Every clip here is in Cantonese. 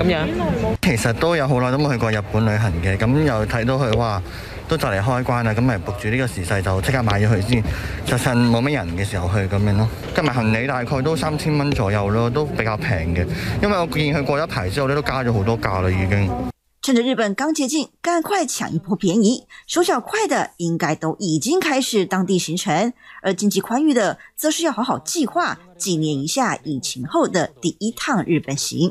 咁樣其實都有好耐都冇去過日本旅行嘅，咁又睇到佢哇，都就嚟開關啦，咁咪搏住呢個時勢就即刻買咗去先，就趁冇乜人嘅時候去咁樣咯。今日行李大概都三千蚊左右咯，都比較平嘅，因為我見佢過一排之後呢都加咗好多價啦已經。趁着日本剛接近，趕快搶一波便宜，手腳快的應該都已經開始當地行程，而經濟寬裕的則是要好好計劃，紀念一下疫情後的第一趟日本行。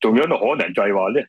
仲有個可能就係話咧。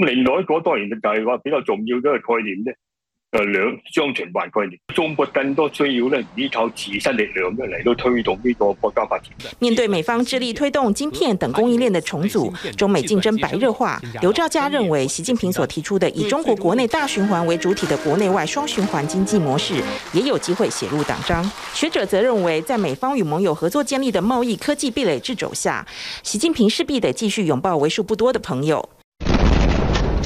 咁另外一個當然就係話比較重要嘅概念咧，就兩雙循環概念。中國更多需要咧依靠自身力量咧嚟到推動呢個國家發展。面對美方致力推動晶片等供應鏈嘅重組，中美競爭白熱化。劉兆佳認為，習近平所提出的以中國國內大循環為主體的國內外雙循環經濟模式，也有機會寫入黨章。學者則認為，在美方與盟友合作建立的貿易科技壁壘制肘下，習近平勢必得繼續擁抱為數不多的朋友。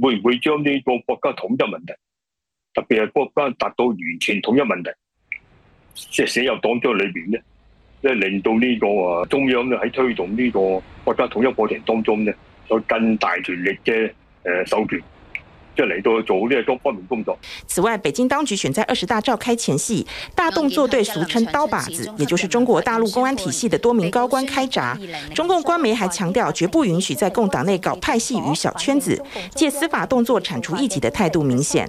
會唔會將呢個國家統一問題，特別係國家達到完全統一問題，即係寫入黨章裏邊咧，即係令到呢個啊中央咧喺推動呢個國家統一過程當中咧，有更大權力嘅誒手段。此外，北京當局選在二十大召開前夕，大動作對俗稱刀把子，也就是中國大陸公安體系的多名高官開閘。中共官媒還強調，絕不允許在共黨內搞派系與小圈子，借司法動作鏟除異己的態度明顯。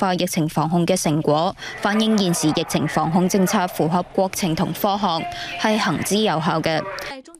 化疫情防控嘅成果，反映現時疫情防控政策符合國情同科學，係行之有效嘅。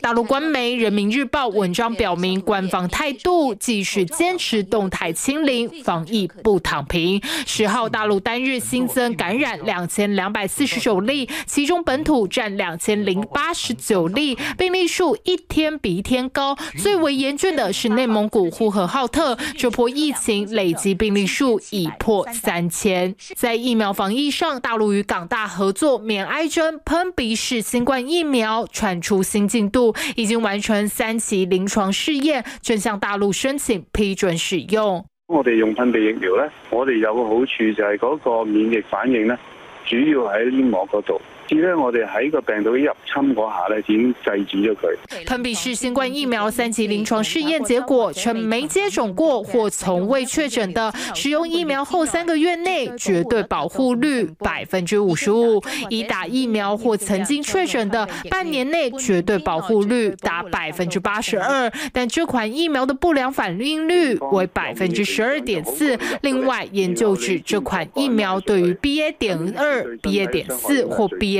大陸官媒《人民日報》文章表明，官方態度繼續堅持動態清零，防疫不躺平。十號大陸單日新增感染兩千兩百四十九例，其中本土佔兩千零八十九例，病例數一天比一天高。最為嚴峻的是內蒙古呼和浩特，這波疫情累計病例數已破三。三千，在疫苗防疫上，大陸與港大合作免挨針噴鼻式新冠疫苗傳出新進度，已經完成三期臨床試驗，正向大陸申請批准使用。我哋用噴鼻疫苗咧，我哋有個好處就係嗰個免疫反應咧，主要喺黏膜嗰度。咧，我哋喺個病毒入侵嗰下咧，已制止咗佢。噴鼻式新冠疫苗三期臨床試驗結果，稱沒接種過或從未確診的，使用疫苗後三個月內絕對保護率百分之五十五；已打疫苗或曾經確診的，半年內絕對保護率達百分之八十二。但這款疫苗的不良反應率為百分之十二點四。另外，研究指這款疫苗對於 B A 點二、B A 點四或 B A